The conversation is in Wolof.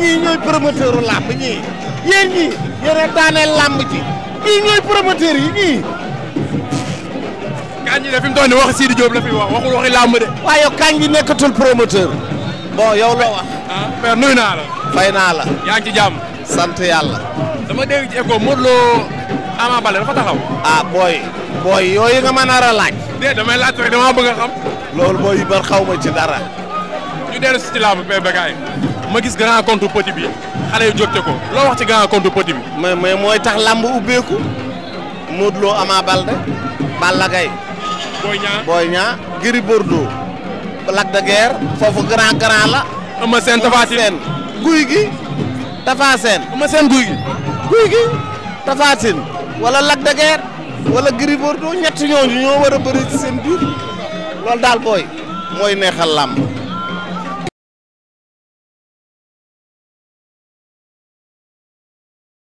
ñii ñooy promoteuru làmb ñii yéen ñii yéen daaneel làmb ci ñii ñooy promoteur yi ñii. kañ de fi mu toll nii wax Sidi Diop la fi wax waxul waxi làmb de. waaye yow kañ nekkatul promoteur. bon yow loo wax. ah père nuyu naa la. fay naa la. yaa ngi jàmm. sant yàlla. dama dégg ci ECHO Modou Lo Ama Baldé dafa taxaw. a ah, booy. booy yooyu nga man a laaj. déedéet damay laaj rek dama bëgg xam. loolu booy yu xaw ma ci dara. ngi si ci làmb PBK ma gis grand contre petit bi xale yu jógte ko loo wax ci grand contre petit bi. mais mais mooy tax làmb ubbeeku Modou Lo Ama Baldé Balla Gaye Boy Niang Boy Niang Gris foofu grand grand la. ama Sène Tapha Tine Guy gi Tapha Sène Eumeu Sène Guy gi Guy gi Tapha Tine wala Lac de wala Gris Bordeaux ñett ñooñu ñoo war a bëri ci seen biir loolu daal booy mooy neexal lamb